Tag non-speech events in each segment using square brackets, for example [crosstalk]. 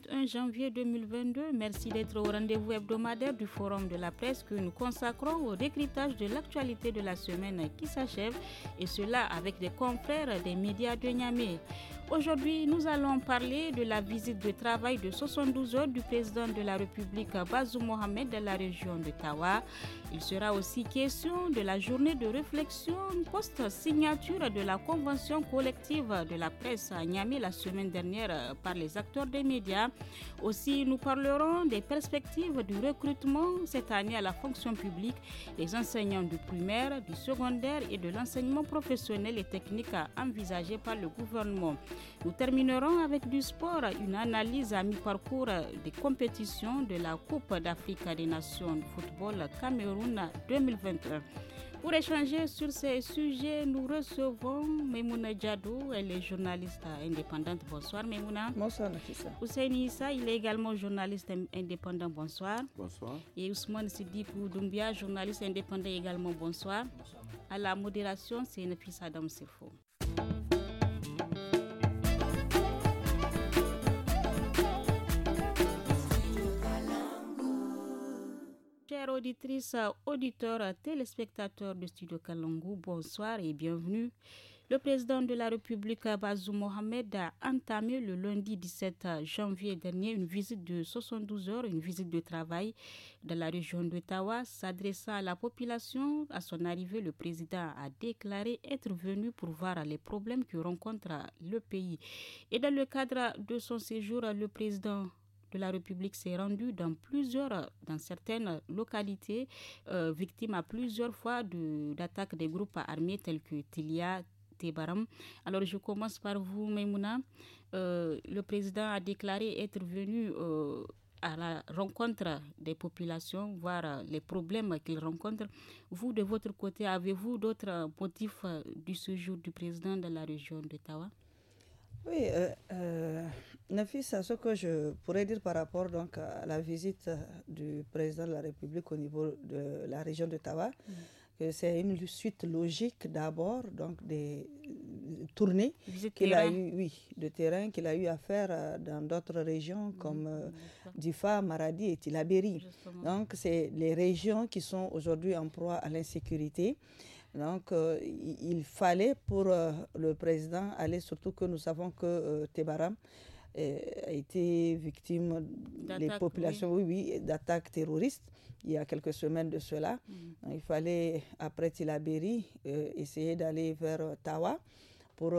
21 janvier 2022. Merci d'être au rendez-vous hebdomadaire du Forum de la presse que nous consacrons au décryptage de l'actualité de la semaine qui s'achève, et cela avec des confrères des médias de Niamey. Aujourd'hui, nous allons parler de la visite de travail de 72 heures du président de la République Bazou Mohamed dans la région de Tawa. Il sera aussi question de la journée de réflexion post-signature de la convention collective de la presse à Niamey la semaine dernière par les acteurs des médias. Aussi, nous parlerons des perspectives du recrutement cette année à la fonction publique des enseignants du primaire, du secondaire et de l'enseignement professionnel et technique envisagé par le gouvernement. Nous terminerons avec du sport, une analyse à mi-parcours des compétitions de la Coupe d'Afrique des Nations football Cameroun 2021. Pour échanger sur ces sujets, nous recevons Memouna Djadou, elle est journaliste indépendante. Bonsoir Memouna. Bonsoir Nafisa. Ousseini Issa, il est également journaliste indépendant. Bonsoir. Bonsoir. Et Ousmane sidi Doumbia, journaliste indépendant également. Bonsoir. À la modération, c'est Nafisa Adam Sefo. Chères auditrices, auditeurs, téléspectateurs de Studio Kalangu, bonsoir et bienvenue. Le président de la République, Bazoum Mohamed, a entamé le lundi 17 janvier dernier une visite de 72 heures, une visite de travail dans la région d'Ottawa. S'adressant à la population, à son arrivée, le président a déclaré être venu pour voir les problèmes que rencontre le pays. Et dans le cadre de son séjour, le président de la République s'est rendu dans plusieurs, dans certaines localités, euh, victime victimes à plusieurs fois d'attaques des groupes armés tels que Tilia, Tebaram. Alors je commence par vous, Maimouna. Euh, le président a déclaré être venu euh, à la rencontre des populations, voir les problèmes qu'ils rencontrent. Vous, de votre côté, avez-vous d'autres motifs du séjour du président de la région d'Ottawa oui, euh, euh Nafis, ce que je pourrais dire par rapport donc, à la visite euh, du président de la République au niveau de la région de Tawa, mm. c'est une suite logique d'abord donc des tournées qu'il a eu, oui, de terrain qu'il a eu à faire euh, dans d'autres régions mm, comme Diffa, Maradi et Tilaberi. Donc, c'est les régions qui sont aujourd'hui en proie à l'insécurité. Donc, euh, il fallait pour euh, le président aller, surtout que nous savons que euh, Tebaram a été victime des populations, oui, oui, d'attaques terroristes il y a quelques semaines de cela. Mm. il fallait, après Tilaberi, essayer d'aller vers Tawa pour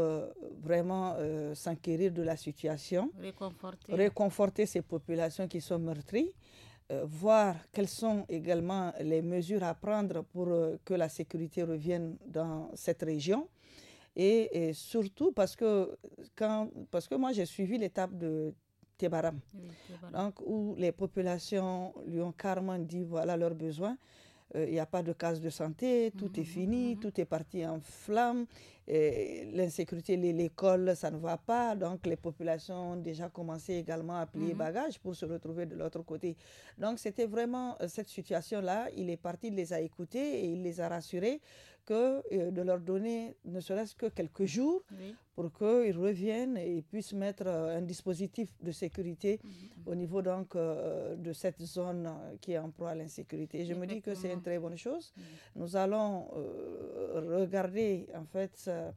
vraiment s'enquérir de la situation, réconforter. réconforter ces populations qui sont meurtries. Euh, voir quelles sont également les mesures à prendre pour euh, que la sécurité revienne dans cette région. Et, surtout parce que, quand, parce que moi, j'ai suivi l'étape de Tebaram donc, où les populations lui ont carrément dit voilà leurs besoins. Euh, il n'y a pas de casse de santé, tout mhm, est fini, mhm, mhm. tout est parti en flammes l'insécurité, l'école, ça ne va pas. Donc, les populations ont déjà commencé également à plier mm-hmm. bagages pour se retrouver de l'autre côté. Donc, c'était vraiment euh, cette situation-là. Il est parti, il les a écoutés et il les a rassurés que euh, de leur donner ne serait-ce que quelques jours pour qu'ils reviennent et puissent mettre euh, un dispositif de sécurité mm-hmm. au niveau donc de cette zone qui est en proie à l'insécurité. Je me dis que c'est une très bonne chose. Mm-hmm. Nous allons regarder en fait euh,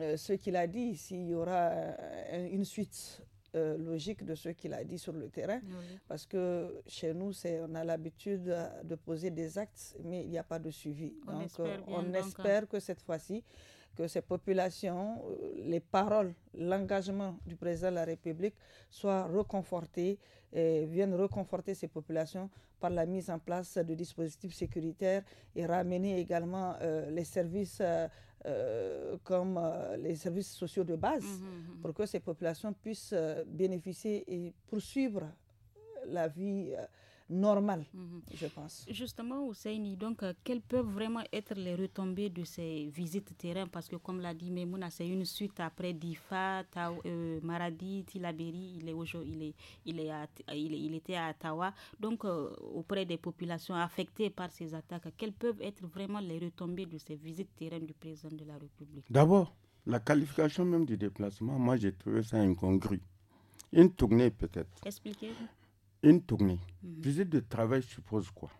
euh, ce qu'il a dit, s'il y aura euh, une suite logique de ce qu'il a dit sur le terrain. Parce que chez nous, on a l'habitude de poser des actes, mais il n'y a pas de suivi. donc, on espère hein. que cette fois-ci, que ces populations, les paroles, l'engagement du président de la République soient reconfortés et viennent reconforter ces populations par la mise en place de dispositifs sécuritaires et ramener également les services euh, comme euh, les services sociaux de base, mhm, mhm. pour que ces populations puissent euh, bénéficier et poursuivre la vie normal, mhm. je pense. Justement, Ousseini, donc, euh, quelles peuvent vraiment être les retombées de ces visites terrain Parce que, comme l'a dit Memouna, c'est une suite après Difa, euh, Maradi, Tilaberi, il, est il, il, est il, il, était à Ottawa. Donc, euh, auprès des populations affectées par ces attaques, quelles peuvent être vraiment les retombées de ces visites terrain du président de la République D'abord, la qualification même du déplacement, moi, j'ai trouvé ça incongru. Une tournée peut-être. expliquez une tournée. Mhm. Visite de travail suppose quoi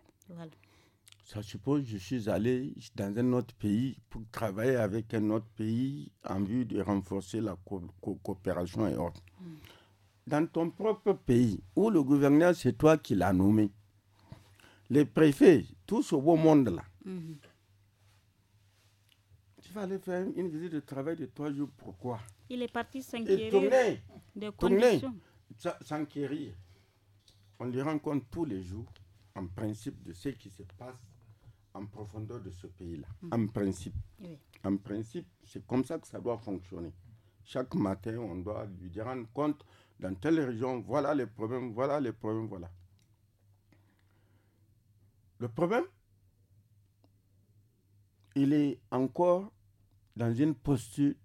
Ça suppose que je suis allé dans un autre pays pour travailler avec un autre pays en vue de renforcer la coopération et autres. Mhm. Dans ton propre pays, où le gouverneur, c'est toi qui l'as nommé, les préfets, tout ce beau monde-là, mhm. tu vas aller faire une visite de travail de trois jours, pourquoi Il est parti s'inquiéter de conditions. S'enquérir on lui rend compte tous les jours, en principe, de ce qui se passe en profondeur de ce pays-là. Mm. En principe. En principe, c'est comme ça que ça doit fonctionner. Chaque matin, on doit lui rendre compte dans telle région, voilà les problèmes, voilà les problèmes, voilà. Le problème, il est encore dans une posture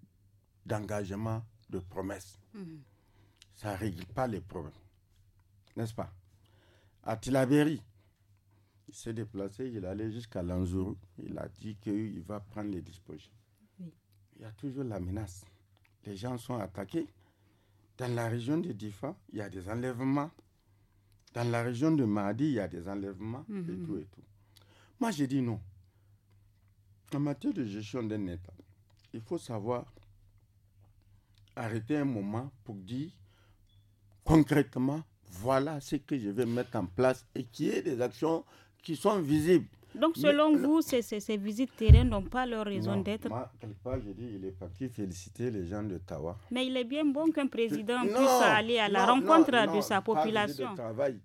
d'engagement, de promesse. Mm. Ça ne règle pas les problèmes. N'est-ce pas à Tilaberi. Il s'est déplacé, il allait jusqu'à Lanzourou. Il a dit qu'il va prendre les dispositions. Il y a toujours la menace. Les gens sont attaqués. Dans la région de Difa, il y a des enlèvements. Dans la région de Mahdi, il y a des enlèvements et mhm. tout et tout. Moi, j'ai dit non. En matière de gestion d'un État, il faut savoir arrêter un moment pour dire concrètement voilà ce que je vais mettre en place et qui est des actions qui sont visibles. Donc, selon vous, ces, ces, visites terrain n'ont pas leur raison d'être Moi, quelque part, je dis il est parti féliciter les gens de Mais il est bien bon qu'un président puisse aller à la rencontre de sa population. De travail,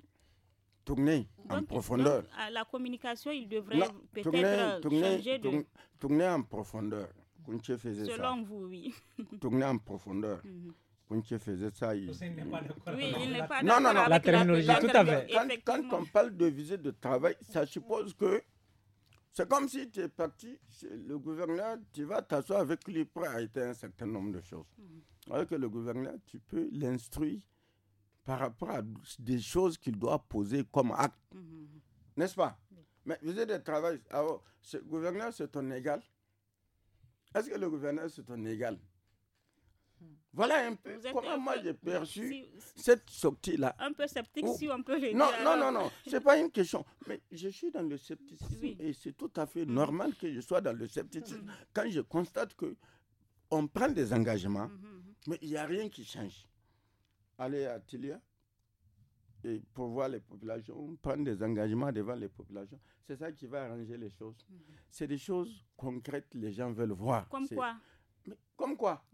tourner en profondeur. à la communication, il devrait peut-être changer de... Tourner en profondeur. faisait selon ça. Selon vous, oui. tourner en profondeur. [laughs] Mhm faisait ça. Oui, il n'est pas Non, non, non. La terminologie, tout à fait. Quand, on parle de visite de travail, ça suppose que c'est comme si tu es parti, le gouverneur, tu vas t'asseoir avec lui pour arrêter un certain nombre de choses. Hmm. Alors que le gouverneur, tu peux l'instruire par rapport à des choses qu'il doit poser comme acte. Hmm, hmm, N'est-ce pas Mais visite de travail, alors, ce gouverneur, c'est ton égal. Est-ce que le gouverneur, c'est ton égal Mm. Voilà un peu comment moi j'ai perçu cette sortie-là. Un peu sceptique, si on peut le non, Non, non, non, ce n'est pas une question. Mais je suis dans le scepticisme et c'est tout à fait normal que je sois dans le scepticisme mm-hmm. quand je constate que on prend des engagements, mm-hmm, mm-hmm. mais il n'y a rien qui change. Aller à Tilia et pour voir les populations, prendre des engagements devant les populations, c'est ça qui va arranger les choses. C'est des choses concrètes les gens veulent voir. Comme quoi Comme quoi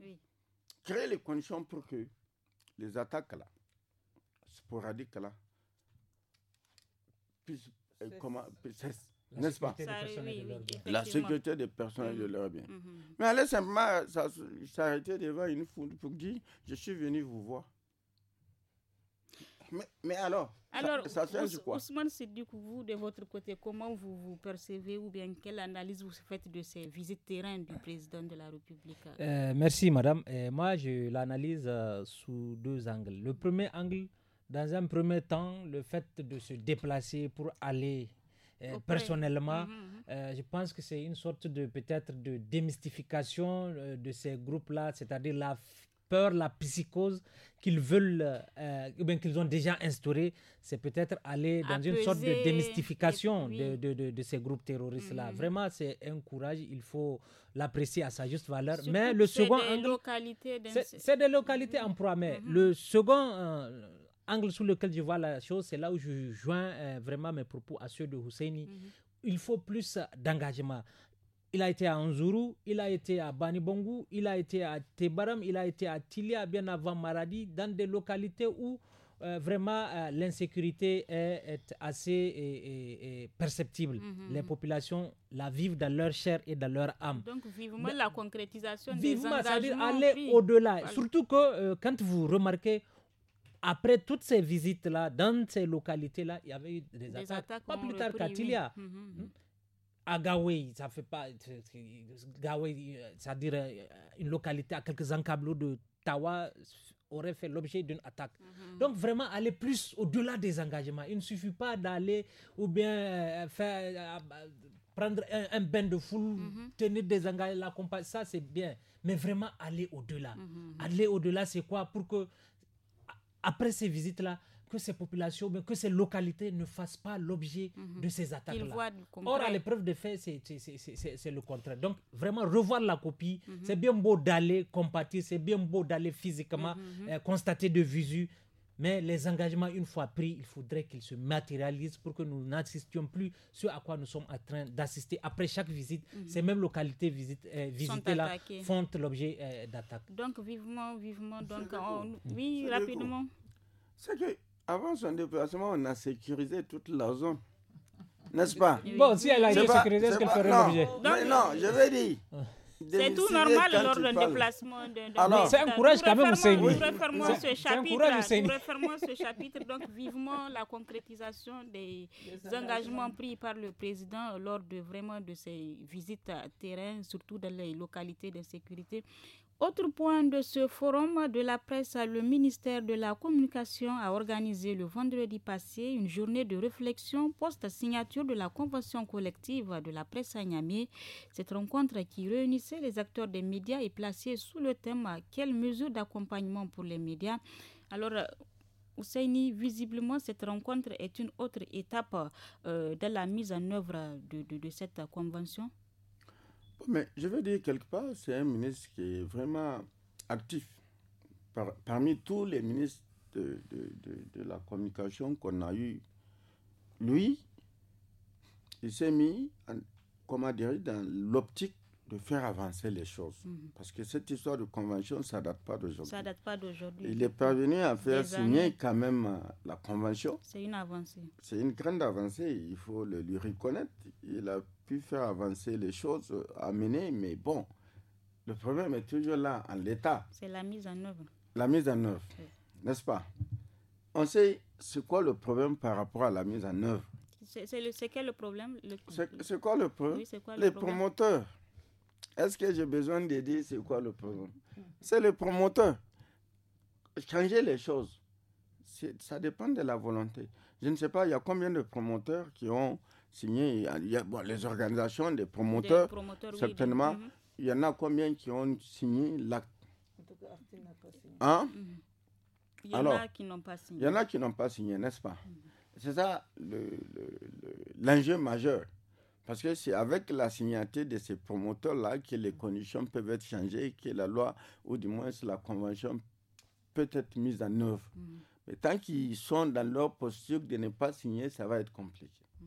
créer les conditions pour que les attaques là, sporadiques là, puissent, euh, comment, N'est-ce pas La sécurité des personnes et de leurs biens. Mm-hmm. Mais allez simplement s'arrêter devant une foule pour dire Je suis venu vous voir. Mais, alors, alors ça, ça change quoi Ousmane Sidikou, vous, de votre côté, comment vous vous percevez ou bien quelle analyse vous faites de ces visites terrain du président de la République euh, Merci, madame. Et euh, moi, je l'analyse euh, sous deux angles. Le premier angle, dans un premier temps, le fait de se déplacer pour aller personnellement, mhm, mhm. je pense que c'est une sorte de peut-être de démystification de ces groupes-là, c'est-à-dire la peur, la psychose qu'ils veulent, euh, bien qu'ils ont déjà instauré, c'est peut-être aller dans une sorte de démystification de, de, de, ces groupes terroristes-là. Mhm. Vraiment, c'est un courage, il faut l'apprécier à sa juste valeur. Mais le second angle. C'est des localités en proie. Mais mhm. le second. Euh, angle sous lequel je vois la chose, c'est là où je joins euh, vraiment mes propos à ceux de Husseini. Mhm. il faut plus d'engagement. Il a été à Nzuru, il a été à Banibongu, il a été à Tebaram, il a été à Tilia, bien avant Maradi, dans des localités où euh, vraiment euh, l'insécurité est, assez perceptible. Mhm. Les populations la vivent dans leur chair et dans leur âme. Donc vivement la concrétisation des engagements. Vivement, c'est-à-dire aller au-delà. Surtout que euh, quand vous remarquez, après toutes ces visites-là, dans ces localités-là, il y avait eu des, attaques, pas plus tard qu'à Tilia. Mhm, mhm. Hmm? à ça fait pas. Gawé, c'est-à-dire euh, euh, une localité à quelques encablures de Tawa, aurait fait l'objet d'une attaque. Mhm. Donc vraiment aller plus au-delà des engagements. Il ne suffit pas d'aller ou bien euh, faire prendre un, bain de foule, mhm. tenir des engagements, ça c'est bien. Mais vraiment aller au-delà. Mhm. Aller au-delà, c'est quoi Pour que après ces visites-là, que ces populations, que ces localités ne fassent pas l'objet mhm. de ces attaques-là. Or, à l'épreuve des faits, c'est le contraire. Donc, vraiment, revoir la copie, mhm. c'est bien beau d'aller compatir, c'est bien beau d'aller physiquement mhm, euh, constater de visu, mais les engagements, une fois pris, il faudrait qu'ils se matérialisent pour que nous n'assistions plus ce à quoi nous sommes en train d'assister. Après chaque visite, ces mêmes localités euh, visitées là font l'objet euh, d'attaques. Donc, vivement, vivement. Donc, Oui, rapidement. C'est que avant son déplacement, on a sécurisé toute la zone. [laughs] N'est-ce pas Bon, si elle a été sécurisée, est-ce qu'elle ferait l'objet non, non, je veux dire. C'est tout normal lors d'un déplacement. C'est un courage quand même, Husseini. Refermons ce chapitre. Refermons ce chapitre. Donc, vivement la concrétisation des engagements pris par le président lors de vraiment de ses visites à terrain, surtout dans les localités de sécurité. Autre point de ce forum de la presse, le ministère de la Communication a organisé le vendredi passé une journée de réflexion post-signature de la convention collective de la presse à Niamey. Cette rencontre qui réunissait les acteurs des médias est placée sous le thème Quelles mesures d'accompagnement pour les médias Alors, Ousseini, visiblement, cette rencontre est une autre étape euh, de la mise en œuvre de cette convention mais je veux dire, quelque part, c'est un ministre qui est vraiment actif. parmi tous les ministres de, la communication qu'on a eu, lui, il s'est mis, comment dire, dans l'optique de faire avancer les choses. Mhm. Parce que cette histoire de convention, ça date pas d'aujourd'hui. Ça date pas d'aujourd'hui. Il est parvenu à faire signer quand même euh, la convention. C'est une avancée. C'est une grande avancée, il faut le lui reconnaître. Il a pu faire avancer les choses, amener, euh, mais bon, le problème est toujours là, en l'état. C'est la mise en œuvre. La mise en œuvre, n'est-ce pas On sait c'est quoi le problème par rapport à la mise en œuvre. C'est quel le problème C'est quoi le problème le Les promoteurs est-ce que j'ai besoin de dire c'est quoi le problème C'est le promoteur. Changer les choses, ça dépend de la volonté. Je ne sais pas, il y a combien de promoteurs qui ont signé les organisations des promoteurs, certainement. il y en a combien qui ont signé l'acte Hein mhm. il y en a qui n'ont pas signé. Il y en a qui n'ont pas signé, n'est-ce pas C'est ça l'enjeu majeur. Parce que c'est avec la signature de ces promoteurs-là que les mm. conditions peuvent être changées, que la loi, ou du moins la convention, peut être mise en œuvre. Mm. Mais tant qu'ils sont dans leur posture de ne pas signer, ça va être compliqué. Mm.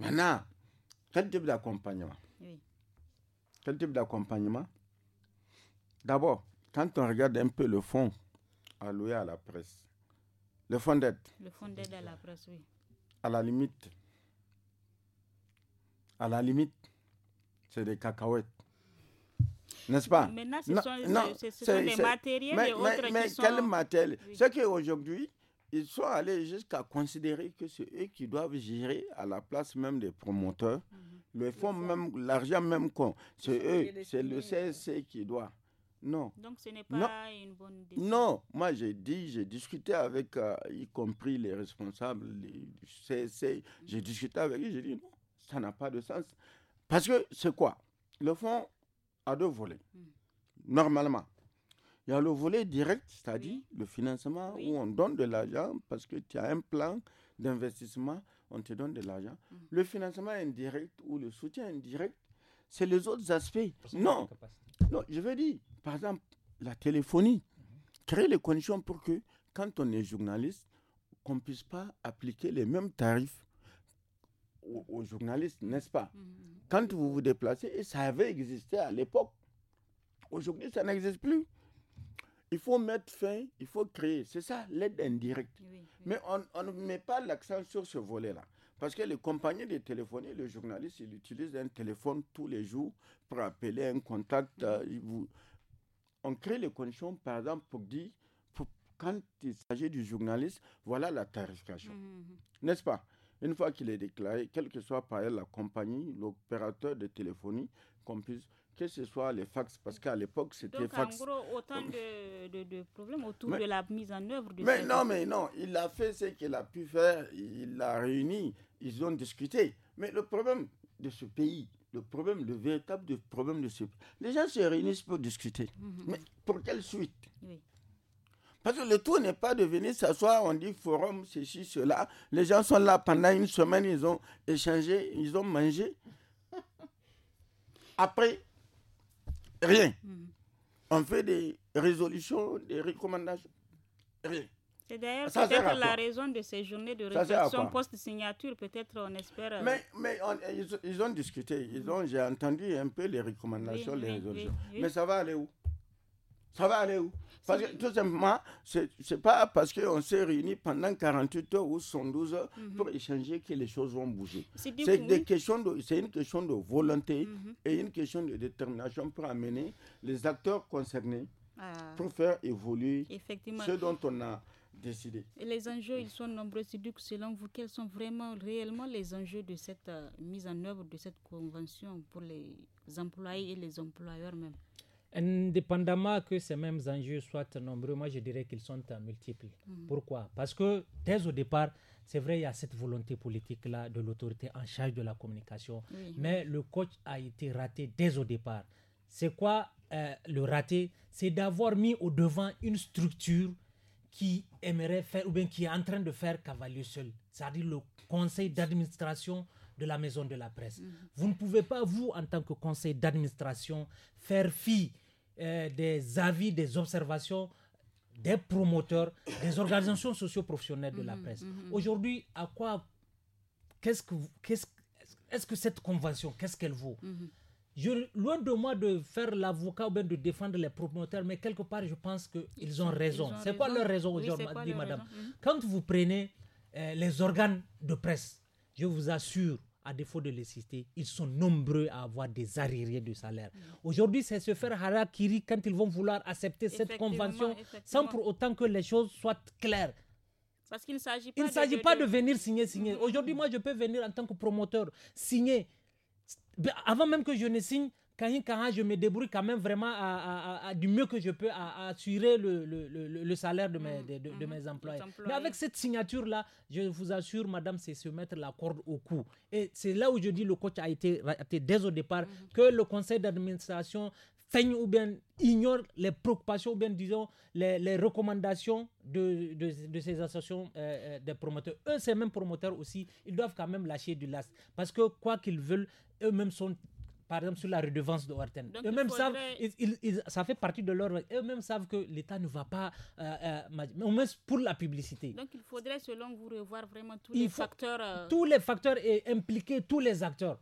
Maintenant, quel type d'accompagnement oui. Quel type d'accompagnement D'abord, quand on regarde un peu le fonds alloué à la presse, le fonds d'aide. Le fonds d'aide à la presse, oui. À la limite, à la limite, c'est des cacahuètes. N'est-ce pas Maintenant, ce, non, sont, non, des matériels mais, et autres mais, quel matériel oui. C'est qu'aujourd'hui, ils sont allés jusqu'à considérer que c'est eux qui doivent gérer à la place même des promoteurs. Mhm. Le fonds même, l'argent même qu'on, c'est eux, c'est le CSC qui doit. Non. Donc ce n'est pas une bonne décision. Non, moi j'ai dit, j'ai discuté avec, euh, y compris les responsables du CSC, j'ai discuté avec eux, j'ai dit non, ça n'a pas de sens. Parce que c'est quoi Le fonds a deux volets, hmm. normalement. Il y a le volet direct, c'est-à-dire le financement, où on donne de l'argent parce que tu as un plan d'investissement, on te donne de l'argent. Hmm. Le financement indirect ou le soutien indirect, c'est les autres aspects. non. non, je veux dire, par exemple, la téléphonie, hmm. créer les conditions pour que quand on est journaliste, qu'on ne puisse pas appliquer les mêmes tarifs aux, journalistes, n'est-ce pas mm, mm, mm. Quand vous vous déplacez, et ça avait existé à l'époque. Aujourd'hui, ça n'existe plus. Il faut mettre fin, il faut créer. C'est ça, l'aide indirecte. Mais on, ne met pas l'accent sur ce volet-là. Parce que les compagnies de téléphonie, le journaliste, il utilise un téléphone tous les jours pour appeler un contact. Euh, vous... On crée les conditions, par exemple, pour dire, pour, quand il s'agit du journaliste, voilà la tarification. N'est-ce pas une fois qu'il est déclaré, quelle que soit par elle la compagnie, l'opérateur de téléphonie, qu'on puisse que ce soit les fax, parce qu'à l'époque, c'était fax. Donc, en gros, autant euh, de, problèmes autour de la mise en œuvre de Mais non, mais non, il a fait ce qu'il a pu faire, il l'a réuni, ils ont discuté. Mais le problème de ce pays, le problème, le véritable problème de ce pays, les gens se réunissent pour discuter. Mhm. Mais pour quelle suite parce que le tout n'est pas de venir s'asseoir, on dit forum, ceci, cela. Les gens sont là pendant une semaine, ils ont échangé, ils ont mangé. Après, rien. Hmm. On fait des résolutions, des recommandations. Rien. C'est d'ailleurs, peut-être la raison de ces journées de réflexion post-signature, peut-être on espère. Euh, mais, mais ils, ont discuté, ils ont, j'ai entendu un peu les recommandations, les résolutions. mais ça va aller où ça va aller où Parce que tout simplement, c'est pas parce qu'on s'est réunis pendant 48 heures ou 112 heures mhm. pour échanger que les choses vont bouger. C'est une question de volonté mhm. et une question de détermination pour amener les acteurs concernés ah. pour faire évoluer ce dont on a décidé. Et les enjeux, ils sont nombreux. Donc, selon vous, quels sont vraiment, réellement les enjeux de cette euh, mise en œuvre de cette convention pour les employés et les employeurs même indépendamment que ces mêmes enjeux soient nombreux, moi je dirais qu'ils sont euh, multiples. Mhm. Pourquoi Parce que dès au départ, c'est vrai, il y a cette volonté politique-là de l'autorité en charge de la communication, mais le coach a été raté dès au départ. C'est quoi euh, le raté C'est d'avoir mis au devant une structure qui aimerait faire, ou bien qui est en train de faire cavalier seul, c'est-à-dire le conseil d'administration de la maison de la presse. Mhm. Vous ne pouvez pas, vous, en tant que conseil d'administration, faire fi euh, des avis, des observations des promoteurs, des organisations socioprofessionnelles de la mhm, presse. Mhm. Aujourd'hui, à quoi qu'est-ce que qu'est-ce est-ce que cette convention, qu'est-ce qu'elle vaut mhm. je, Loin de moi de faire l'avocat ou bien de défendre les promoteurs, mais quelque part, je pense qu'ils ont raison. C'est quoi leur raison aujourd'hui, madame Quand vous prenez euh, les organes de presse, je vous assure, à défaut de les citer, ils sont nombreux à avoir des arriérés de salaire. Mm. Aujourd'hui, c'est se faire harakiri quand ils vont vouloir accepter cette convention sans pour autant que les choses soient claires. Parce qu'il ne s'agit pas, de... venir signer, signer. Mm. Aujourd'hui, moi, je peux venir en tant que promoteur, signer. Avant même que je ne signe, quand je me débrouille quand même vraiment du mieux que je peux à, assurer le, salaire de mes, mm, mm, mm, employés. Mais avec cette signature-là, je vous assure, madame, c'est se mettre la corde au cou. Et c'est là où je dis le coach a été dès au départ, que le conseil d'administration feigne ou bien ignore les préoccupations ou bien disons les, recommandations de, ces associations euh, euh, des promoteurs. Eux, ces mêmes promoteurs aussi, ils doivent quand même lâcher du last parce que quoi qu'ils veulent, eux-mêmes sont par exemple sur la redevance de Horten. Eux-mêmes savent, ils, ça fait partie de leur... Eux-mêmes savent que l'État ne va pas, euh, euh, au moins pour la publicité. Donc il faudrait, selon vous, revoir vraiment tous les facteurs. Euh, tous les facteurs et impliquer tous les acteurs.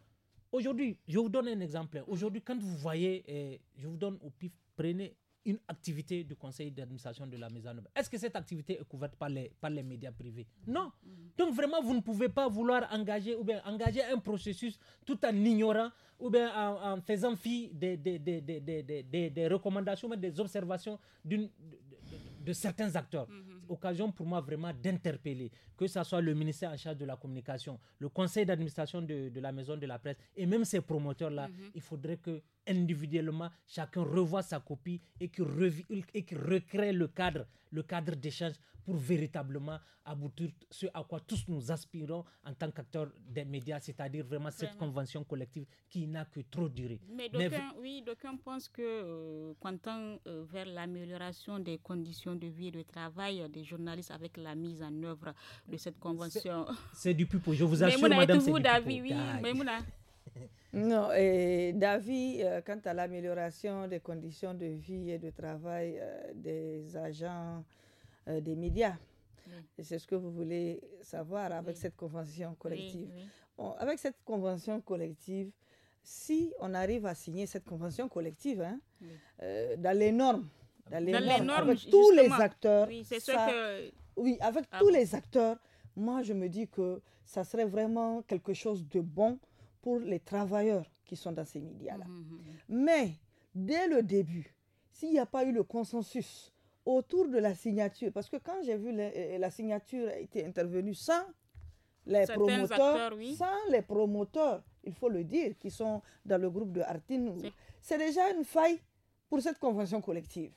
Aujourd'hui, je vous donne un exemple. Aujourd'hui, quand vous voyez, je vous donne au pif, prenez une activité du conseil d'administration de la maison. Est-ce que cette activité est couverte par les, par les médias privés Non. Donc vraiment, vous ne pouvez pas vouloir engager ou bien engager un processus tout en ignorant ou bien en, faisant fi des, des, des, des recommandations, des observations de, de, certains acteurs. Mm-hmm occasion pour moi vraiment d'interpeller, que ce soit le ministère en charge de la communication, le conseil d'administration de, la maison de la presse et même ces promoteurs-là, mhm. il faudrait que individuellement, chacun revoie sa copie et qu'il recrée le cadre le cadre d'échange pour véritablement aboutir ce à quoi tous nous aspirons en tant qu'acteurs des médias, c'est-à-dire vraiment, cette convention collective qui n'a que trop duré. Mais d'aucuns, oui, pensent que euh, quand euh, vers l'amélioration des conditions de vie et de travail euh, des journalistes avec la mise en œuvre de cette convention. C'est du pupo, je vous [laughs] assure, mais madame, Oui, [laughs] Non, et d'avis, euh, quant à l'amélioration des conditions de vie et de travail euh, des agents euh, des médias, c'est ce que vous voulez savoir avec cette convention collective. avec cette convention collective, si on arrive à signer cette convention collective, hein, dans les normes, dans les, normes, avec tous les acteurs, oui, avec ah tous les acteurs, moi je me dis que ça serait vraiment quelque chose de bon pour les travailleurs qui sont dans ces médias-là. Hum, hum, hum, Mais dès le début, s'il n'y a pas eu le consensus autour de la signature, parce que quand j'ai vu euh, la signature a été intervenue sans les promoteurs, sans les promoteurs, il faut le dire, qui sont dans le groupe de Artin, c'est déjà une faille pour cette convention collective.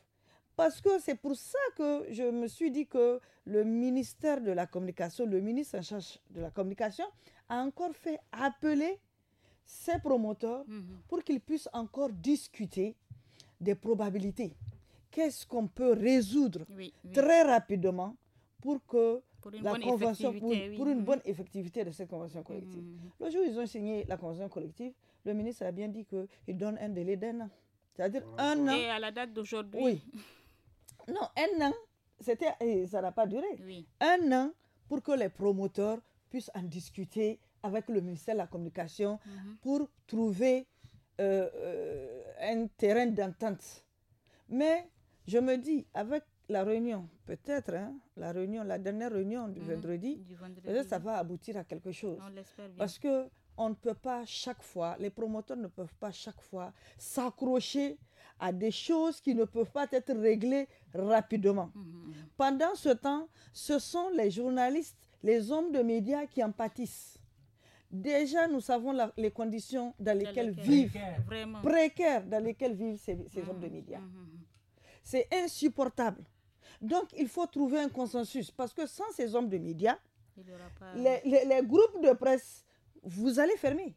Parce que c'est pour ça que je me suis dit que le ministère de la Communication, le ministre en charge de la Communication, a encore fait appeler ces promoteurs mhm. pour qu'ils puissent encore discuter des probabilités. Qu'est-ce qu'on peut résoudre très rapidement pour que une la bonne convention, pour, une mhm. bonne effectivité de cette convention collective. Mhm, le jour où ils ont signé la convention collective, le ministre a bien dit qu'il donne un délai d'un an. C'est-à-dire ah, un an. Et à la date d'aujourd'hui. Oui. [laughs] Non, un an, ça n'a pas duré. Un an pour que les promoteurs puissent en discuter avec le ministère de la Communication mhm. pour trouver euh, euh, un terrain d'entente. Mais je me dis, avec la réunion, peut-être, hein, la réunion, la dernière réunion du mhm. vendredi, ça va aboutir à quelque chose. Parce que on ne peut pas chaque fois, les promoteurs ne peuvent pas chaque fois s'accrocher à des choses qui ne peuvent pas être réglées rapidement. Mhm, Pendant ce temps, ce sont les journalistes, les hommes de médias qui en pâtissent. Déjà, nous savons les conditions dans lesquelles vivent, précaires, dans lesquelles vivent ces, hommes de mmh, médias. Mmh, mmh, C'est insupportable. Donc, il faut trouver un consensus parce que sans ces hommes de médias, les groupes de presse, vous allez fermer.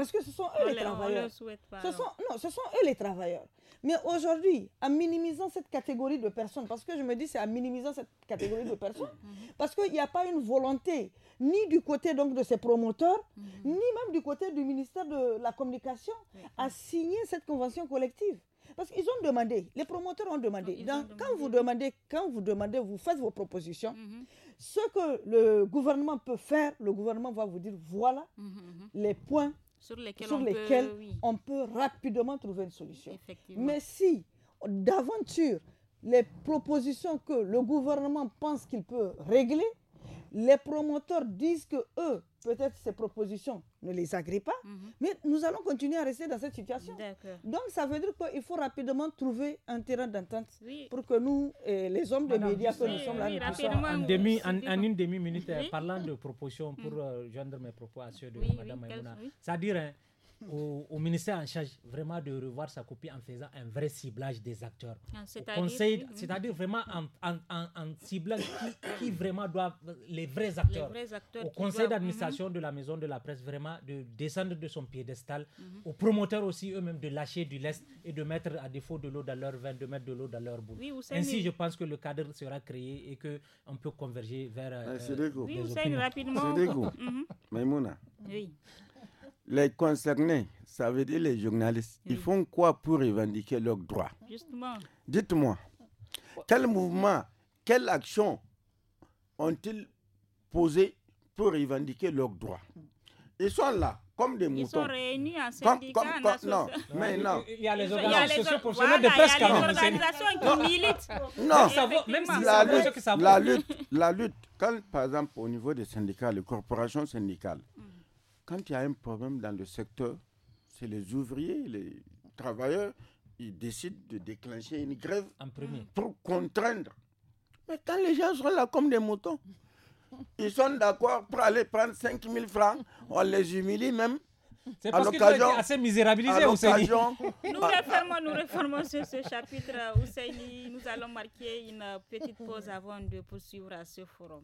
Parce que ce sont eux les travailleurs. ce sont, non, ce sont eux les travailleurs. Mais aujourd'hui, en minimisant cette catégorie de personnes, parce que je me dis c'est en minimisant cette catégorie de personnes, [coughs] mhm. parce qu'il n'y a pas une volonté ni du côté donc de ces promoteurs, mhm. ni même du côté du ministère de la Communication à signer cette convention collective. Parce qu'ils ont demandé, les promoteurs ont demandé. Donc, quand vous demandez, quand vous demandez, vous faites vos propositions. Mhm. Ce que le gouvernement peut faire, le gouvernement va vous dire voilà les points sur lesquels, on, peut, on, peut, rapidement trouver une solution. Mais si d'aventure les propositions que le gouvernement pense qu'il peut régler, les promoteurs disent que eux, peut-être ces propositions ne les agréent pas, mhm. mais nous allons continuer à rester dans cette situation. Donc ça veut dire qu'il faut rapidement trouver un terrain d'entente pour que nous, eh, les hommes de médias que nous sommes là, nous puissions... En, une demi-minute, parlant de propositions pour joindre euh, mes propos à ceux de Mme Maïmouna, c'est-à-dire... Hein, au, ministère en charge vraiment de revoir sa copie en faisant un vrai ciblage des acteurs. Ah, c'est-à-dire vraiment en, en, ciblant qui, qui, vraiment doivent, les vrais acteurs. au conseil d'administration mm-hmm. de la maison de la presse, vraiment de descendre de son piédestal. Mm-hmm. Aux promoteurs aussi eux-mêmes de lâcher du lest et de mettre à défaut de l'eau dans leur vin, de mettre de l'eau dans leur boule. Ainsi, je pense que le cadre sera créé et qu'on peut converger vers... Euh, ah, oui, des savez, rapidement. Mm-hmm. Oui les concernés, ça veut dire les journalistes, ils font quoi pour revendiquer leurs droits Justement. Dites-moi, quel mouvement, quelle action ont-ils posé pour revendiquer leurs droits Ils sont là, comme des moutons. Ils sont réunis en syndicat. non, mais non. Il y a les organisations de Il y a les organisations qui militent. Non, même si la, lutte, la lutte, quand par exemple au niveau des syndicats, les corporations syndicales, mm quand il y a un problème dans le secteur, c'est les ouvriers, les travailleurs, ils décident de déclencher une grève en premier. pour contraindre. Mais quand les gens sont là comme des moutons, ils sont d'accord pour aller prendre 5000 francs, on les humilie même. C'est parce qu'ils ont assez misérabilisés, ah. Nous réformons, nous sur ce chapitre, Ousseini. Nous allons marquer une petite pause avant de poursuivre à ce forum.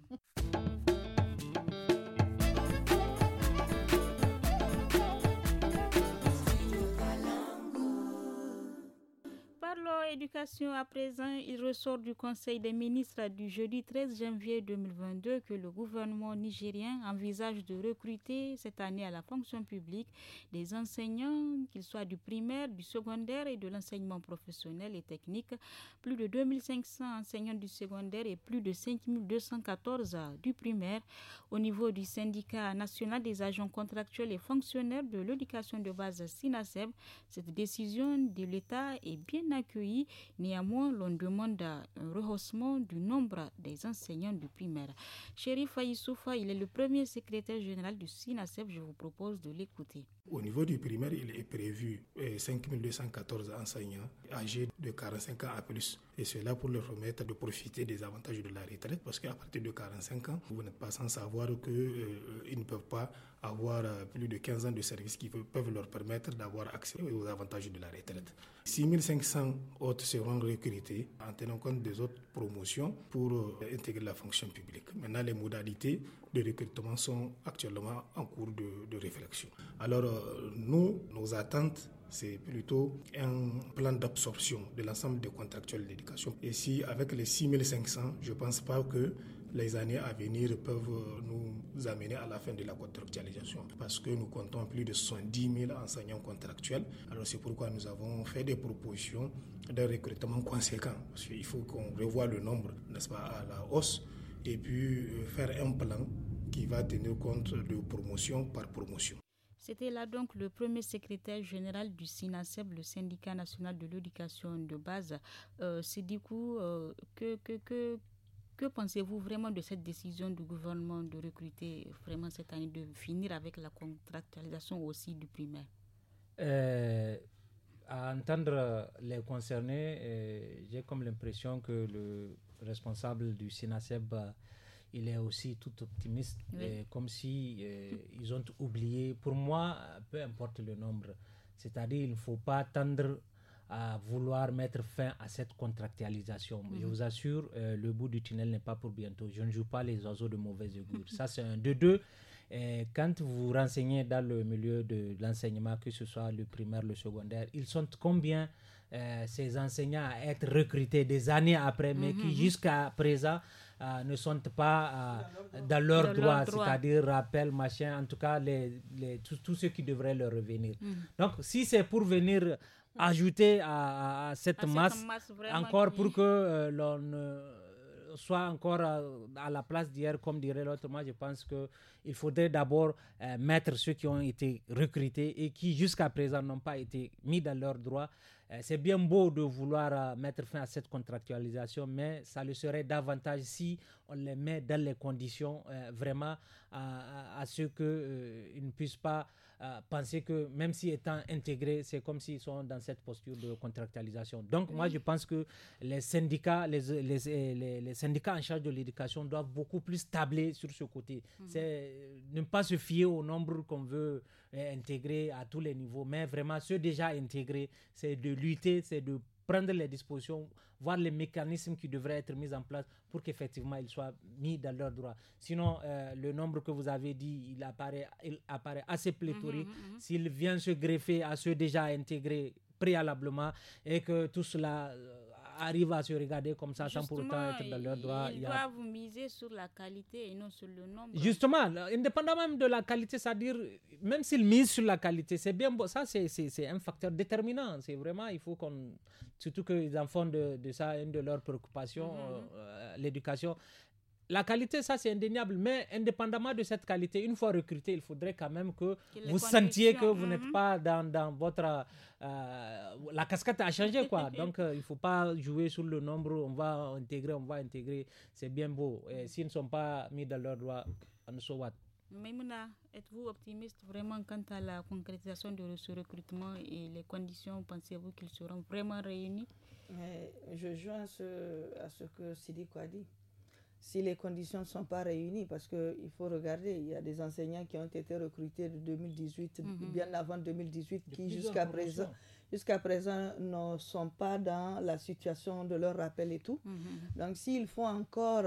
l'éducation éducation à présent. Il ressort du Conseil des ministres du jeudi 13 janvier 2022 que le gouvernement nigérien envisage de recruter cette année à la fonction publique des enseignants, qu'ils soient du primaire, du secondaire et de l'enseignement professionnel et technique. Plus de 2500 enseignants du secondaire et plus de 5214 du primaire. Au niveau du syndicat national des agents contractuels et fonctionnaires de l'éducation de base SINASEB, cette décision de l'État est bien accueillie Néanmoins, l'on demande un rehaussement du nombre des enseignants du primaire. Chérif Aïssoufa, il est le premier secrétaire général du SINASEP. Je vous propose de l'écouter. Au niveau du primaire, il est prévu 5214 euh, enseignants âgés de 45 ans à plus. Et cela pour leur permettre de profiter des avantages de la retraite parce qu'à partir de 45 ans, vous n'êtes pas sans savoir qu'ils euh, ne peuvent pas avoir euh, plus de 15 ans de service qui peuvent leur permettre d'avoir accès aux avantages de la retraite. 6500 autres seront recrutés en tenant compte des autres promotions pour euh, intégrer la fonction publique. Maintenant, les modalités de recrutement sont actuellement en cours de, de réflexion. Alors, euh, nous, nos attentes c'est plutôt un plan d'absorption de l'ensemble des contractuels d'éducation. Et si avec les 6500, je ne pense pas que les années à venir peuvent nous amener à la fin de la contractualisation parce que nous comptons plus de 110 000 enseignants contractuels. Alors c'est pourquoi nous avons fait des propositions d'un recrutement conséquent. Parce qu'il faut qu'on revoie le nombre, n'est-ce pas, à la hausse et puis euh, faire un plan qui va tenir compte de promotion par promotion. C'était là donc le premier secrétaire général du SINASEB, le syndicat national de l'éducation de base. c'est du coup que, que, que que pensez-vous vraiment de cette décision du gouvernement de recruter vraiment cette année, de finir avec la contractualisation aussi du primaire euh, À entendre les concernés, euh, j'ai comme l'impression que le responsable du SINACEB euh, il est aussi tout optimiste, comme si ils ont oublié. Pour moi, peu importe le nombre, c'est-à-dire il ne faut pas attendre à vouloir mettre fin à cette contractualisation. Je mhm. vous assure, euh, le bout du tunnel n'est pas pour bientôt. Je ne joue pas les oiseaux de mauvaise augure. Ça, c'est un de deux. quand vous renseignez dans le milieu de l'enseignement, que ce soit le primaire, le secondaire, ils sont combien euh, ces enseignants à être recrutés des années après, mais mhm, qui mhm. jusqu'à présent euh, ne sont pas euh, dans leurs droits, droit. c'est-à-dire rappel, machin, en tout cas, les, les qui devraient leur revenir. Mm. Donc, si c'est pour venir ajouter à, cette, masse, encore pour que euh, l'on soit encore à, la place d'hier, comme dirait l'autre, moi je pense qu'il faudrait d'abord mettre ceux qui ont été recrutés et qui jusqu'à présent n'ont pas été mis dans leurs droits euh, c'est bien beau de vouloir euh, mettre fin à cette contractualisation, mais ça le serait davantage si on les met dans les conditions euh, vraiment à, ce que ce qu'ils ne puissent pas penser que même si étant intégrés, c'est comme s'ils sont dans cette posture de contractualisation. Donc moi, je pense que les syndicats, les, les, syndicats en charge de l'éducation doivent beaucoup plus tabler sur ce côté. Mm. C'est ne pas se fier au nombre qu'on veut intégrés à tous les niveaux, mais vraiment ceux déjà intégrés, c'est de lutter, c'est de prendre les dispositions, voir les mécanismes qui devraient être mis en place pour qu'effectivement ils soient mis dans leurs droits. Sinon, euh, le nombre que vous avez dit, il apparaît, il apparaît assez pléthorique. Mmh, mmh, mmh. S'il vient se greffer à ceux déjà intégrés préalablement et que tout cela... Euh, arrive à se regarder comme ça sans pour autant être dans leurs droits. Ils doivent miser sur la qualité et non sur le nombre. Justement, indépendamment même de la qualité, c'est-à-dire, même s'ils misent sur la qualité, c'est bien beau. Ça, c'est un facteur déterminant. C'est vraiment, il faut qu'on. Surtout que les enfants de, de ça, une de leurs préoccupations, mm-hmm. euh, euh, l'éducation la qualité, ça c'est indéniable, mais indépendamment de cette qualité, une fois recruté, il faudrait quand même que, vous sentiez que vous mhm. n'êtes pas dans, votre... Euh, la casquette a changé, quoi. [laughs] Donc, euh, il ne faut pas jouer sur le nombre, on va intégrer, on va intégrer. C'est bien beau. Et mhm. s'ils ne sont pas mis dans leur droit, on so what. Maimouna, êtes-vous optimiste vraiment quant à la concrétisation de ce recrutement et les conditions, pensez-vous qu'ils seront vraiment réunis Je joins à ce, à ce que Sidi a dit si les conditions ne sont pas réunies, parce qu'il faut regarder, il y a des enseignants qui ont été recrutés de 2018, mhm. bien avant 2018, qui jusqu'à présent, jusqu'à présent ne sont pas dans la situation de leur rappel et tout. Mhm. Donc s'il faut encore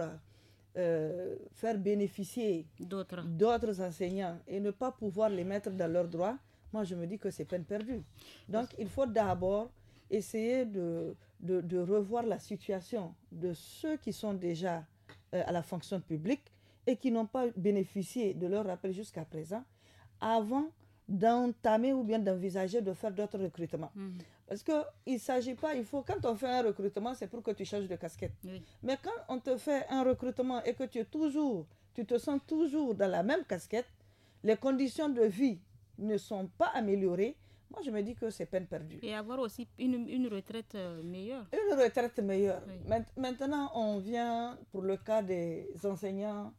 euh, faire bénéficier d'autres enseignants et ne pas pouvoir les mettre dans leurs droits, moi je me dis que c'est peine perdue. Donc il faut d'abord essayer de, de, de revoir la situation de ceux qui sont déjà euh, à la fonction publique et qui n'ont pas bénéficié de leur rappel jusqu'à présent avant d'entamer ou bien d'envisager de faire d'autres recrutements. Mhm. Parce qu'il ne s'agit pas, il faut, quand on fait un recrutement, c'est pour que tu changes de casquette. Mais quand on te fait un recrutement et que tu es toujours, tu te sens toujours dans la même casquette, les conditions de vie ne sont pas améliorées moi, je me dis que c'est peine perdue. Et avoir aussi une, une retraite euh, meilleure. Une retraite meilleure. Maintenant, on vient pour le cas des enseignants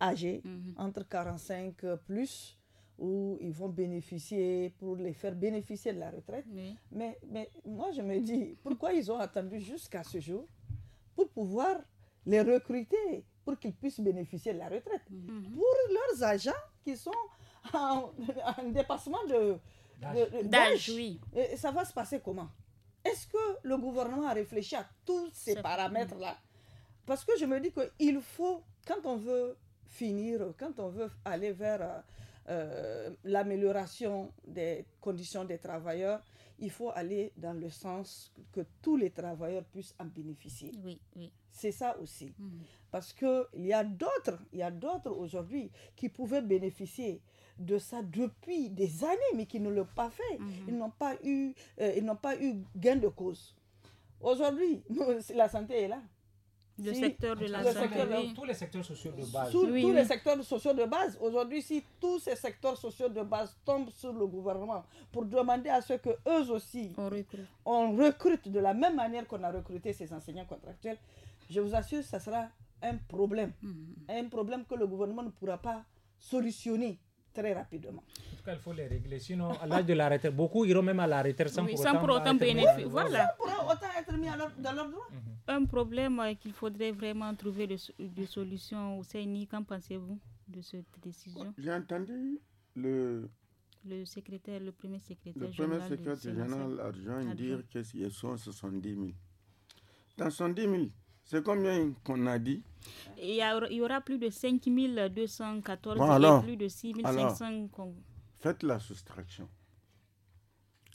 âgés, mhm. entre 45 plus, où ils vont bénéficier, pour les faire bénéficier de la retraite. Mais, mais moi, je me dis, pourquoi ils ont attendu jusqu'à ce jour pour pouvoir les recruter, pour qu'ils puissent bénéficier de la retraite mhm. Pour leurs agents qui sont en dépassement de d'âge, oui. Ça va se passer comment Est-ce que le gouvernement a réfléchi à tous ces paramètres-là Parce que je me dis qu'il faut, quand on veut finir, quand on veut aller vers euh, euh, l'amélioration des conditions des travailleurs, il faut aller dans le sens que tous les travailleurs puissent en bénéficier. Oui, oui. C'est ça aussi. Mhm. parce Parce qu'il y a d'autres, il y a d'autres aujourd'hui qui pouvaient bénéficier de ça depuis des années, mais qui ne l'ont pas fait. Mhm. Ils n'ont pas eu, euh, pas eu gain de cause. Aujourd'hui, [laughs] la santé est là. Le secteur de la santé. Tous les secteurs sociaux de base. tous les secteurs sociaux de base. Aujourd'hui, si tous ces secteurs sociaux de base tombent sur le gouvernement pour demander à ce que aussi on recrute, de la même manière qu'on a recruté ces enseignants contractuels, je vous assure, ça sera un problème. Mhm. Un problème que le gouvernement ne pourra pas solutionner très rapidement. En tout cas, il faut les régler. Sinon, à l'âge de la beaucoup iront même à la sans, pour, sans autant bénéficier. Voilà. autant être mis dans leur droit. Mm-hmm. Un problème euh, qu'il faudrait vraiment trouver de, solutions solution au CENI. Qu'en pensez-vous de cette décision J'ai entendu le. Le secrétaire, le premier secrétaire le général. premier secrétaire général Argent dire qu'ils sont 70 000. Dans 70 000, c'est combien qu'on a dit il y, aura plus de 5214 plus de 6500. Faites la soustraction.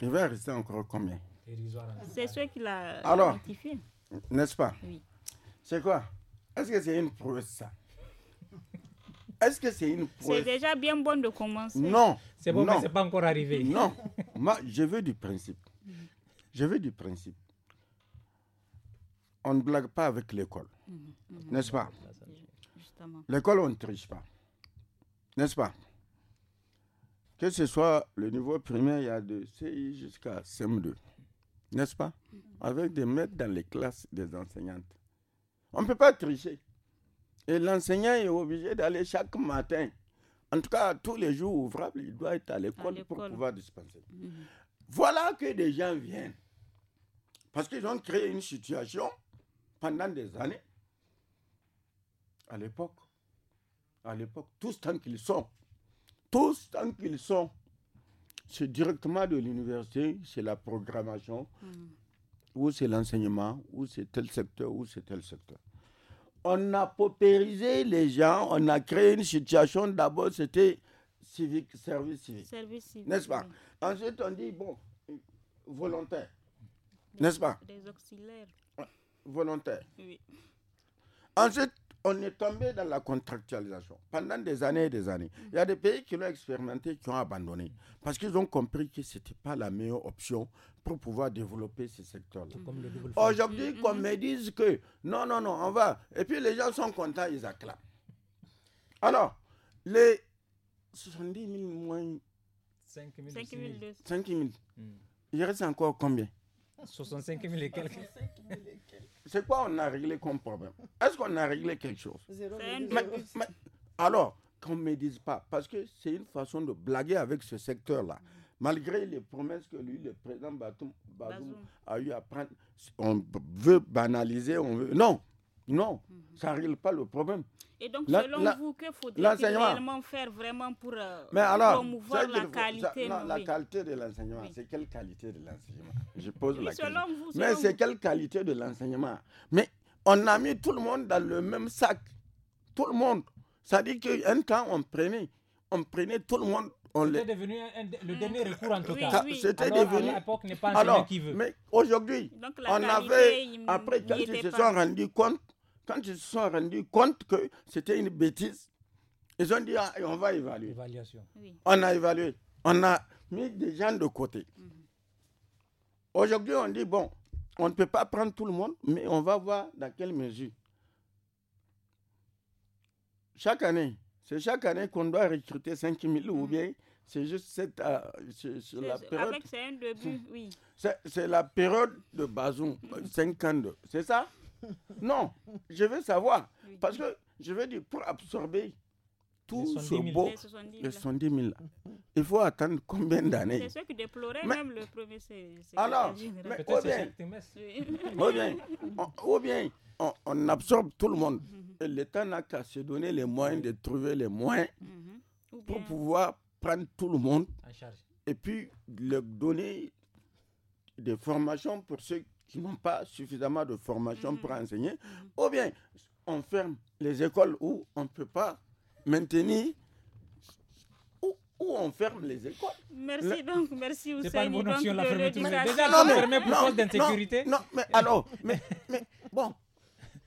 Il va rester encore combien C'est ce qu'il a identifié. N'est-ce pas C'est quoi Est-ce que c'est une prouesse ça Est-ce que c'est une prouesse C'est déjà bien bon de commencer. Non. C'est bon, mais ce n'est pas encore arrivé. Non. [laughs] Moi, je veux du principe. Je veux du principe. On ne blague pas avec l'école. Mhm. Mhm. N'est-ce pas L'école, on ne triche pas. N'est-ce pas Que ce soit le niveau primaire, il y a de CI jusqu'à CM2. N'est-ce pas mhm. Avec des maîtres dans les classes des enseignantes. On ne peut pas tricher. Et l'enseignant est obligé d'aller chaque matin. En tout cas, tous les jours ouvrables, il doit être à l'école pour pouvoir dispenser. Voilà que des gens viennent. Parce qu'ils ont créé une situation pendant des années à l'époque, à l'époque, tous tant qu'ils sont, tous tant qu'ils sont, c'est directement de l'université, c'est la programmation, mm. ou c'est l'enseignement, ou c'est tel secteur, ou c'est tel secteur. On a paupérisé les gens, on a créé une situation, d'abord c'était civique, service civique. N'est-ce pas Ensuite on dit, bon, volontaire. N'est-ce pas Des auxiliaires. Ah, volontaire. Ensuite, on est tombé dans la contractualisation pendant des années et des années. Il y a des pays qui l'ont expérimenté, qui ont abandonné, parce qu'ils ont compris que ce n'était pas la meilleure option pour pouvoir développer ce secteur-là. Aujourd'hui, mm-hmm. qu'on me disent que non, non, non, on va. Et puis les gens sont contents, ils acclament. Alors, les 70 000 moins 5 000. 5 000. Il reste encore combien 65 000 et quelques. C'est quoi on a réglé comme problème Est-ce qu'on a réglé quelque chose Alors, qu'on ne me dise pas, parce que c'est une façon de blaguer avec ce secteur-là. Malgré les promesses que lui, le président Batum a eu à prendre, on veut banaliser, on veut... Non, non, mhm. ça ne règle pas le problème. Et donc, selon vous, que faut-il réellement faire vraiment pour euh, promouvoir la qualité de l'enseignement La qualité de l'enseignement, c'est quelle qualité de l'enseignement Je pose la question. Mais c'est quelle qualité de l'enseignement Mais on a mis tout le monde dans le même sac. Tout le monde. Ça dit qu'un temps, on prenait, on prenait tout le monde c'était devenu le dernier mm. recours en tout cas. Oui. C'était devenu. À l'époque, n'est pas alors, qui veut. Mais aujourd'hui, on avait, après, quand ils se sont rendus compte quand ils se sont rendus compte que c'était une bêtise, ils ont dit ah, on va évaluer. On a évalué. On a mis des gens de côté. Mhm. Aujourd'hui, on dit bon, on ne peut pas prendre tout le monde, mais on va voir dans quelle mesure. Chaque année, c'est chaque année qu'on doit recruter 5 000 ou mhm. bien c'est juste cette, la période. c'est la période de Bazoum, 5 ans. C'est ça [laughs] Non, je veux savoir. Parce que je veux dire, pour absorber tout ce beau, les 70 000, il faut attendre combien d'années C'est déploraient même le premier Alors, mais, ou bien, [laughs] on, absorbe tout le monde. Mhm. Et l'État n'a qu'à se donner les moyens de trouver les moyens mhm. pour pouvoir prendre tout le monde et puis leur donner des formations pour ceux qui n'ont pas suffisamment de formation pour mm. enseigner, mm. ou bien on ferme les écoles où on ne peut pas maintenir où on ferme les écoles. Merci donc, merci C'est pas une bonne non, mais, d'insécurité. Non, mais alors, mais bon,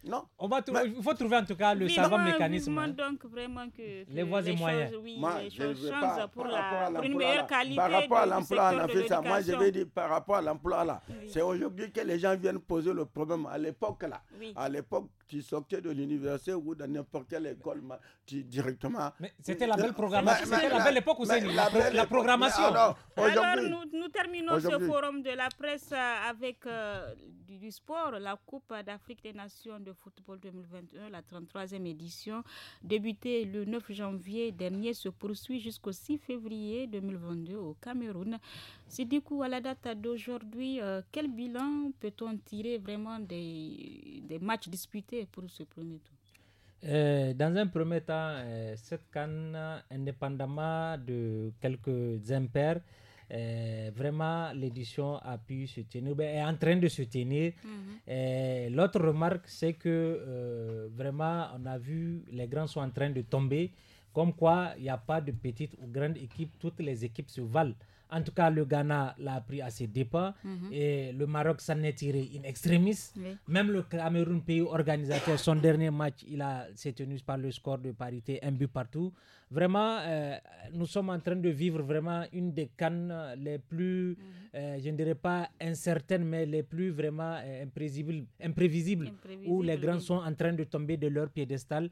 non. On va il faut trouver en tout cas le savant mécanisme. Hein. donc vraiment que, les voies et moyens. oui, les choses pour, la, pour, une meilleure qualité. Par rapport à l'emploi, on a fait ça. Moi, je vais dire par rapport à l'emploi là. C'est aujourd'hui que les gens viennent poser le problème. À l'époque là, oui. à l'époque, tu sortais de l'université ou de n'importe quelle école, directement. Mais c'était la belle euh, programmation. C'était la, belle époque où c'est la, programmation. Alors, nous, terminons ce forum de la presse euh, avec euh, du, du, sport. La Coupe d'Afrique des Nations de football 2021, la 33e édition, débutée le 9 janvier dernier, se poursuit jusqu'au 6 février 2022 au Cameroun du coup, à la date d'aujourd'hui, euh, quel bilan peut-on tirer vraiment des, matchs disputés pour ce premier tour euh, dans un premier temps, euh, cette canne, indépendamment de quelques impairs, vraiment l'édition a pu se tenir, ben, est en train de se tenir. Mhm. L'autre remarque, c'est que vraiment, on a vu les grands sont en train de tomber, comme quoi il n'y a pas de petite ou grande équipe, toutes les équipes se valent. En tout cas, le Ghana l'a pris à ses dépens mhm. et le Maroc s'en est tiré in extremis. Même le Cameroun, pays organisateur, son dernier match, il s'est tenu par le score de parité, un but partout. Vraiment, euh, nous sommes en train de vivre vraiment une des cannes euh, les plus, mhm. euh, je ne dirais pas incertaines, mais les plus vraiment imprévisibles, où les grands sont en train de tomber de leur piédestal.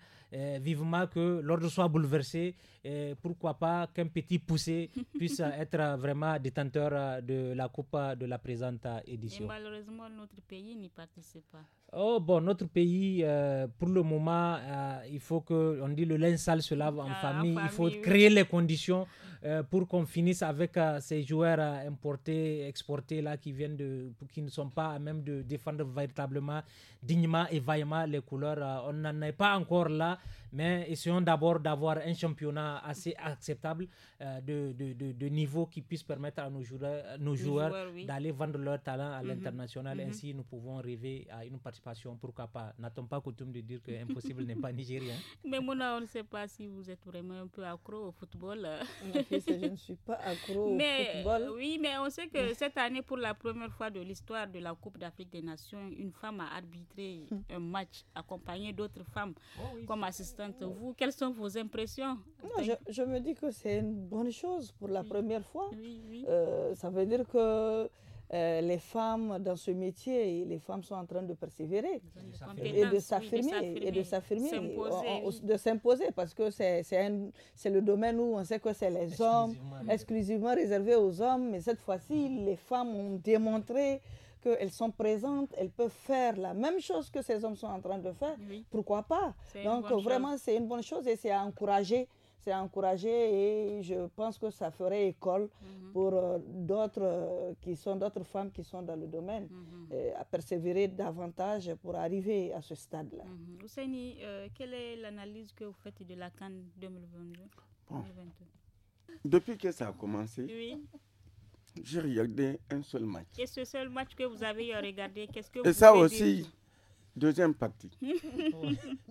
vivement que l'ordre soit bouleversé, et pourquoi pas qu'un petit poussé [laughs] puisse être vraiment détenteur de la Coupe de la présente édition. Et malheureusement, notre pays n'y participe pas. Oh bon, notre pays, euh, pour le moment, euh, il faut que, on dit le linge sale se lave en, ah, famille. il faut créer les conditions euh, pour qu'on finisse avec euh, ces joueurs euh, importés, exportés là qui viennent de, qui ne sont pas à même de défendre véritablement dignement et vaillamment les couleurs. on n'en est pas encore là, mais essayons d'abord d'avoir un championnat assez acceptable de, niveau qui puisse permettre à nos joueurs, nos joueurs, d'aller vendre leur talent à mhm. l'international. Mhm. Ainsi, nous pouvons rêver à une participation. Pourquoi pas N'attendons pas coutume de dire que impossible n'est pas nigérien [laughs] Mais Mona, on ne sait pas si vous êtes vraiment un peu accro au football. [laughs] je ne suis pas accro mais, au football. Euh, oui, mais on sait que cette année, pour la première fois de l'histoire de la Coupe d'Afrique des Nations, une femme a arbitré [laughs] un match accompagné d'autres femmes oh comme assistante. Oh. Vous, quelles sont vos impressions non, je, je, me dis que c'est une bonne chose pour la première fois. Euh, ça veut dire que euh, les femmes dans ce métier, les femmes sont en train de persévérer et de s'affirmer, et de s'affirmer, de s'imposer, parce que c'est le domaine où on sait que c'est les hommes, exclusivement réservé aux hommes, mais cette fois-ci, mm. les femmes ont démontré qu'elles sont présentes, elles peuvent faire la même chose que ces hommes sont en train de faire. Pourquoi pas Donc vraiment, c'est une bonne chose et c'est à encourager c'est encouragé et je pense que ça ferait école mhm. pour euh, d'autres euh, qui sont d'autres femmes qui sont dans le domaine mhm. euh, à persévérer davantage pour arriver à ce stade-là. Mhm. quelle est l'analyse que vous faites de la Cannes 2022, Depuis que ça a commencé, oui. j'ai regardé un seul match. Et ce seul match que vous avez regardé, qu'est-ce que vous Et ça aussi. Deuxième partie. [laughs]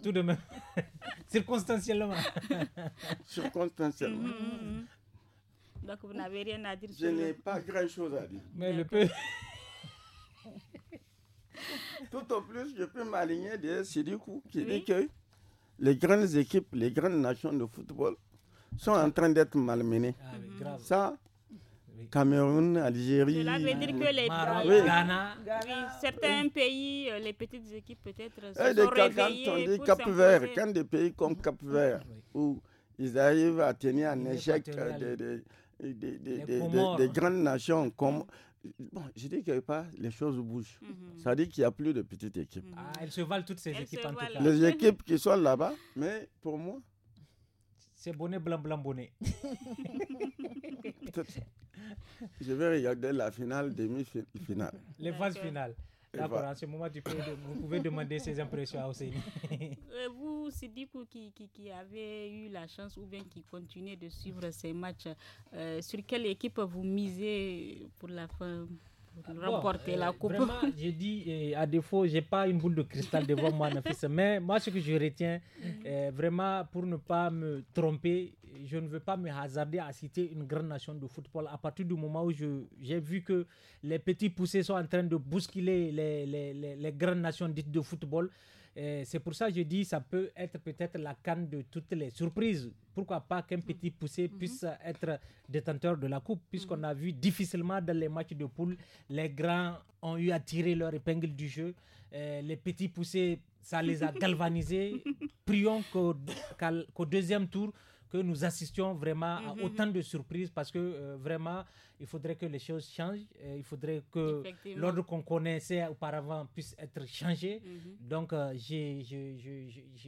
Tout de même. [laughs] Circonstanciellement. [laughs] Circonstanciellement. Mm-hmm. Donc vous n'avez rien à dire. Je n'ai pas grand-chose à dire. Mais le peu. Tout au plus, je peux m'aligner de Sidikou qui dit que les grandes équipes, les grandes nations de football sont ah. en train d'être malmenées. Ah, Ça, Cameroun, Algérie. Maroc, Ghana, certains pays, les petites équipes peut-être se eh, sont quand on dit Cap Vert, quand des pays comme Cap Vert, où ils arrivent à tenir un échec euh, des, grandes nations comme... Bon, je dis a pas les choses bougent. Mm -hmm. Ça dit qu'il n'y a plus de petites équipes. Ah, elles se valent toutes ces équipes en tout cas. Les équipes qui sont là-bas, mais pour moi, c'est bonnet blanc, blanc, bonnet. Je vais regarder la finale, demi-finale. Les phases finales. D'accord, en ce moment, vous pouvez demander ses impressions à [laughs] euh, vous, Sidikou, qui, qui, qui avez eu la chance ou bien qui continuez de suivre ces matchs, euh, sur quelle équipe vous misez pour la fin remporter la euh, coupe. Vraiment, je dis, euh, à défaut, j'ai pas une boule de cristal devant moi, mais moi, ce que je retiens, mhm. euh, vraiment, pour ne pas me tromper, je ne veux pas me hasarder à citer une grande nation de football. À partir du moment où j'ai vu que les petits poussés sont en train de bousculer les, les, les grandes nations dites de football, c'est pour ça que je dis ça peut être peut-être la canne de toutes les surprises. Pourquoi pas qu'un mm-hmm. petit poussé mm-hmm. puisse être détenteur de la coupe, puisqu'on mm-hmm. a vu difficilement dans les matchs de poule, les grands ont eu à tirer leur épingle du jeu. les petits poussés, ça les a [laughs] galvanisés. Prions qu'au deuxième tour, que nous assistions vraiment à mhm. autant de surprises parce que euh, vraiment, il faudrait que les choses changent. il faudrait que l'ordre qu'on connaissait auparavant puisse être changé. Mhm. Donc, euh, j'ai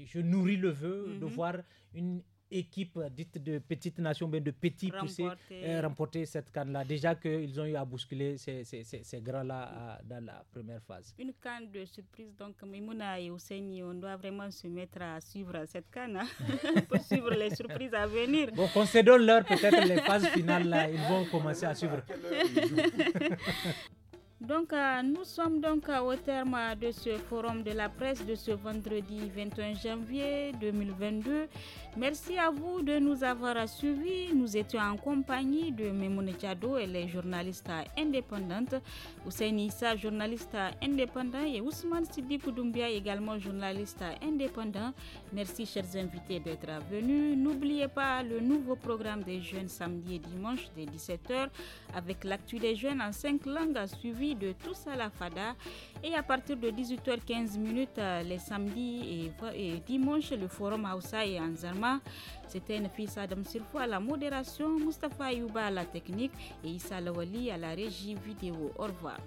je, nourris le vœu de mhm. voir une équipe euh, dite de petite nation, mais de petits poussés, euh, remporter cette canne-là. Déjà qu'ils ont eu à bousculer ces, ces, ces, grands-là euh, dans la première phase. Une canne de surprise, donc Mimouna et Ousseini, on doit vraiment se mettre à suivre cette canne hein, [laughs] pour suivre les surprises à venir. Bon, concédons leur peut-être les phases finales, là, ils vont commencer à suivre. [laughs] Donc, nous sommes donc au terme de ce forum de la presse de ce vendredi 21 janvier 2022. Merci à vous de nous avoir suivis. Nous étions en compagnie de Memoune Diado, et les journalistes indépendante, Hussein Issa, journaliste indépendant, et Ousmane Sidi Koudumbia, également journaliste indépendant. Merci, chers invités, d'être venus. N'oubliez pas le nouveau programme des jeunes samedi et dimanche dès 17h avec l'actu des jeunes en cinq langues suivi de tous à FADA. Et à partir de 18h15 les samedis et, dimanches, le forum Hausa et Anzalma. C'était C'était Nafisa Adam Sirfou à la modération, Mustafa Yuba à la technique et Issa Lawali à la régie vidéo. Au revoir.